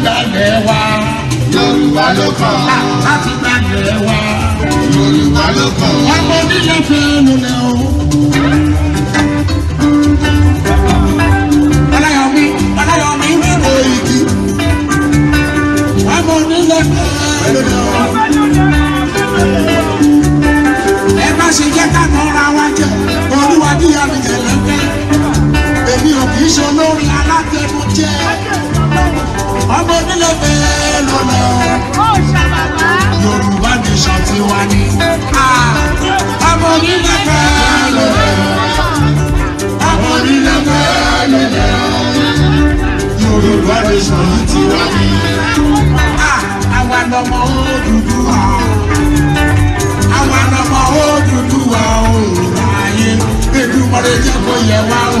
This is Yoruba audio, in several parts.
gbalẹ̀ wa. Yorùbá ló kàn. A ti wa. Yorùbá ló kàn. Ọmọ onílé fẹ́ lulẹ̀ o. Ọláyọ̀mí Ọláyọ̀mí wíwo ìdí. Ọmọ onílé fẹ́ lulẹ̀ o. tẹ̀sán yìí ti wá ní. Àwa lọmọ Odùduwà o. Àwa lọmọ Odùduwà o. Ààyè Èdùmàrè jẹ́ kó yẹ wá o.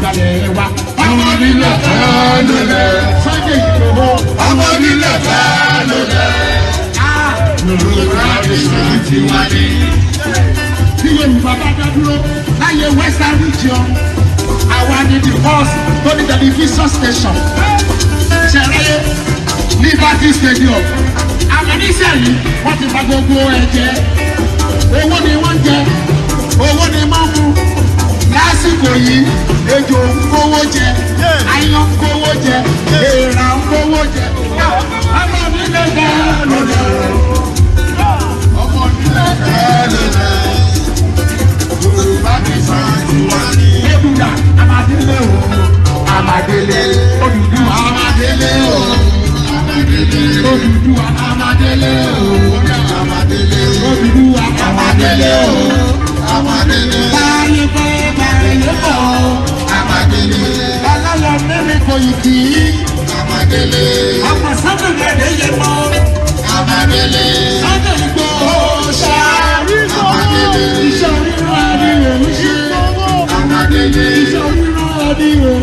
ìgbàlẹ̀ wa. ọmọ nílẹ̀ fẹ́ ló lẹ̀. Sunday Igboho. ọmọ nílẹ̀ fẹ́ ló lẹ̀. lòlùkọ́ àdìsàn ti wá ní. bí Yorùbá bá dá dúró láyé western region àwa ni the first tó ní television station ṣẹlẹ̀ Liberty Stadium àwọn oníṣẹ́yìn wọ́n ti fa gbogbo ẹ̀ jẹ owó ni wọ́n jẹ owó ni wọ́n mú lásìkò yìí ejò ń kówó jẹ ayán ń kówó jẹ èèrà ń kówó jẹ ọmọ mi lè dá lónà ọmọ mi lè dá lónà Yorùbá mi sọ ìwà ni. ebúdà amadélé o amadélé Odùduwà amadélé o Odùduwà amadélé o Odùduwà amadélé o amadélé o. Aboyiki. Amadele. Ọ̀pọ̀ sátọ̀dẹ̀ àdéyẹ mọ́. Amadele. Sátọ̀dẹ̀ gbọ́. Ọ̀ṣà àríwọ̀. Amadele. Iṣẹ́ oríran adìyẹ ń ṣe. Amadele. Amadele.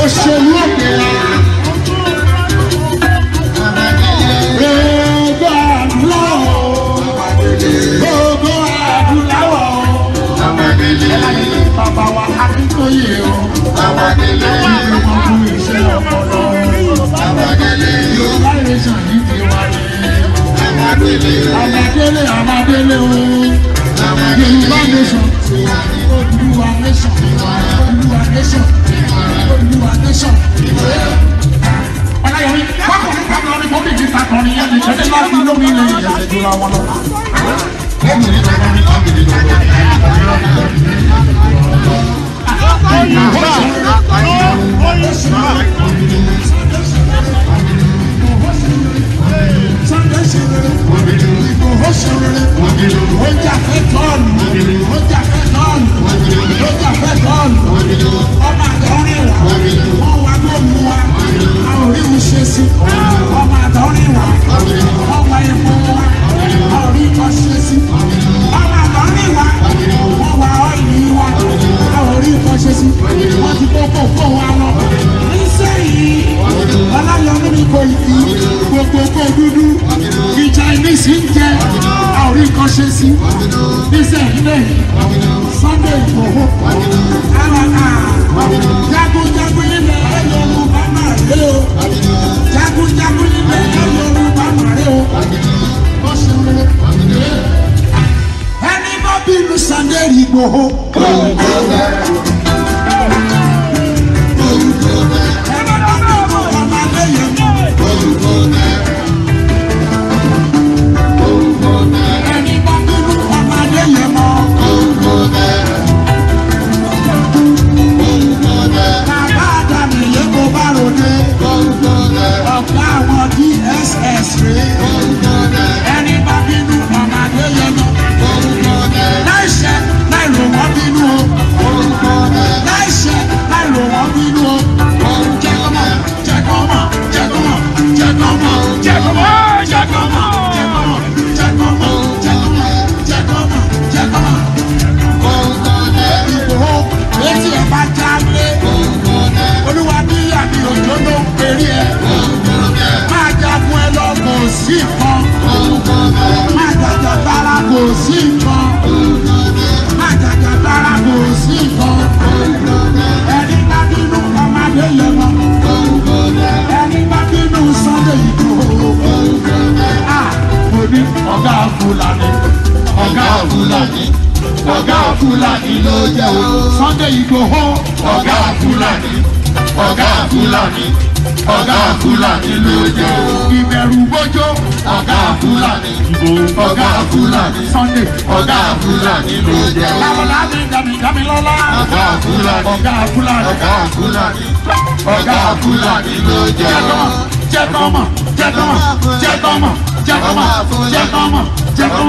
òṣèlú òkè rárá. Àmàdélé Àmàdélé o. Yorùbá nation. Olúwa nation. Olúwa nation. Olúwa nation. Ọláyọ̀mí pákòkò pàmò ọdún tó bìbí takọ̀ ni yẹn ti ṣẹlẹ̀ máa fi lómi ilé ìyẹn ti dúró àwọn náà. Bọ́ọ̀mù ni lọ́wọ́ mi, bọ́ọ̀mù ni lọ́wọ́ mi. ní chinese ń jẹ àórí nǹkan ṣe sí ní sẹ́yìnlẹ̀ sunday ìgbòho alaka jagunjagun nílẹ̀ ẹ̀yọ̀ yorùbá máa rè o jagunjagun nílẹ̀ ẹ̀yọ̀ yorùbá máa rè o ó ṣe wọlé ẹni bá bínú sunday ìgbòho. kò sí nǹkan àjàjà dára kò sí nǹkan ẹni bá bínú ọmọdé yẹn lọ ẹni bá bínú Sunday Igboho à ah, mo ní ọ̀gá Fúlàní ọ̀gá Fúlàní ọ̀gá Fúlàní ló jẹ́ o Sunday Igboho ọ̀gá Fulani ọ̀gá fúlàní ọ̀gá fúlàní ló jẹ́ o. ìbẹ̀rù bójó ọ̀gá fúlàní ọ̀gá fúlàní sunday ọ̀gá fúlàní ló jẹ́ o. lábọ̀lá mi jàmí jàmí lọ́lá. ọ̀gá fúlàní ọ̀gá fúlàní ọ̀gá fúlàní ọ̀gá fúlàní ló jẹ́ o. jẹ́tọ́mọ jẹ́tọ́mọ jẹ́tọ́mọ jẹ́tọ́mọ jẹ́tọ́mọ jẹ́tọ́mọ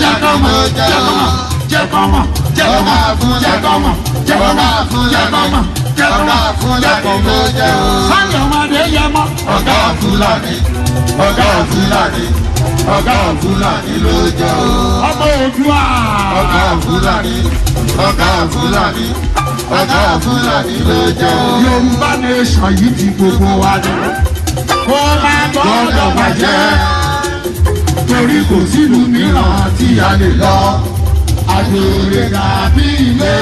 jẹ́tọ́mọ jẹ́tọ́mọ jẹ́tọ́mọ jẹ́tọ́mọ jẹ́tọ́mọ jẹ́tọ́mọ jẹ́tọ́mọ jẹ́tọ́mọ ọ̀gá fúlàní ló jẹ́ o. sani ọmọdé yẹ mọ́. ọ̀gá fúlàní ọ̀gá fúlàní ọ̀gá fúlàní ló jẹ́ o. ọmọ òdua. ọ̀gá fúlàní ọ̀gá fúlàní ọ̀gá fúlàní ló jẹ́ o. yorùbá nation yìí ti gbogbo wa dùn. kó má gbọ́dọ̀ bàjẹ́ torí kò sílùú mìíràn tí a lè lọ. Àjòrè dàbí ilé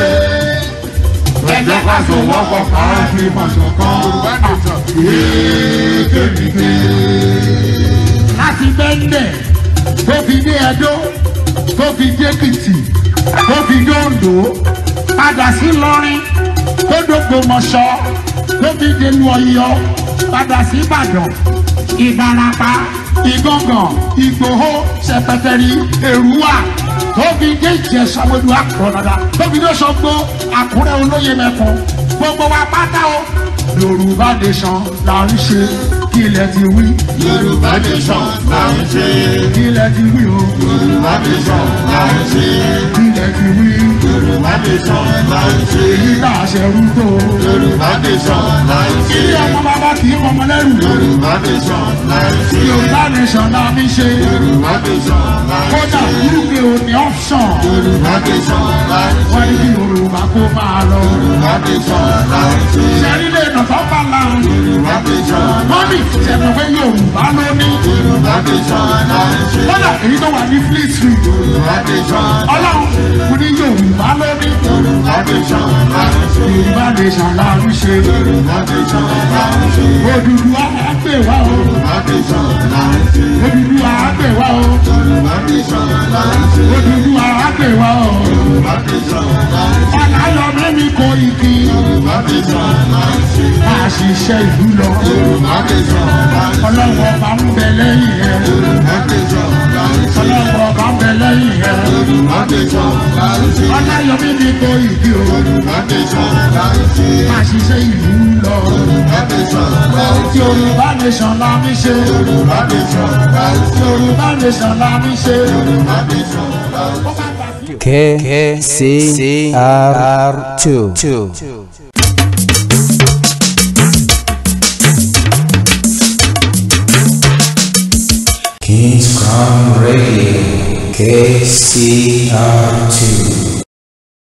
jẹ́ ká so wọ́pọ̀ káwọn fi mọ̀ṣọ̀ kan Yorùbá nìkan kéékèèké. láti bẹ́ńdẹ̀ tó fi dé Ẹdó tó fi dé Èkìtì tó fi dé Oǹdó padà sí Ìlọrin tó dógbò mọ̀ṣọ́ tó fi dé lu Ọ̀yọ́ padà sí Ìbàdàn Ìbàràpá ìgangan ìgbòho sẹpẹtẹrì èrúwà tóbi dé ìjẹsà gbogbo àkùrọ̀dàdà tóbi dé sọgbó àkúrẹ́ olóyè mẹ́kun gbogbo wa pátá o yorùbá nation là ń ṣe kílẹ̀ ti wí. yorùbá nation là ń ṣe. kílẹ̀ ti wí o. yorùbá nation là ń ṣe. kílẹ̀ ti wí. yorùbá nation là ń ṣe. èyí tá a ṣe rú tó. yorùbá nation là ń ṣe. kí ọmọ bàbá kì í fọmọ lẹ́rù. yorùbá nation là ń ṣe. yorùbá nation là ń ṣe. yorùbá nation là ń ṣe. kódà irú mi ò option. Yorùbá ti sọ láì sí. Wọ́n ní Yorùbá kó máa lọ. Yorùbá ti sọ láì sí. Ṣẹ́rílẹ̀ nàbà bàlá. Yorùbá ti sọ láì sí. Mọ́mì ṣẹ̀dọ̀ pé Yorùbá ló ní. Yorùbá ti sọ láì sí. Lọ́dà èyí tó wà ní Fleet Street. Yorùbá ti sọ láì sí. Ọlọ́run mo ní Yorùbá ló ní. Yorùbá ti sọ láì sí. Yorùbá ti sọ láì sí. Yorùbá ti sọ láì sí. Odùduwà àgbè wá o. Yorùbá nation là ń ṣe. Odùduwà àgbè wá o. Yorùbá nation là ń ṣe. Odùduwà àgbè wá o. Yorùbá nation là ń ṣe. Ọ̀làyọ̀ mẹ́mi kò ìkí. Yorùbá nation là ń ṣe. Àṣìṣe ìlú lọ. Yorùbá nation là ń ṣe. Ọlọ́run ọba ń bẹ lẹ́yìn ẹ̀. Yorùbá foundation là ń ṣe. ọláyọmí kò ìdí o. foundation ìlú lọ. foundation yorùbá nation la mi ṣe. yorùbá nation la mi ṣe. yorùbá nation là ń ṣe. KCR2. Crown Radio. KCR2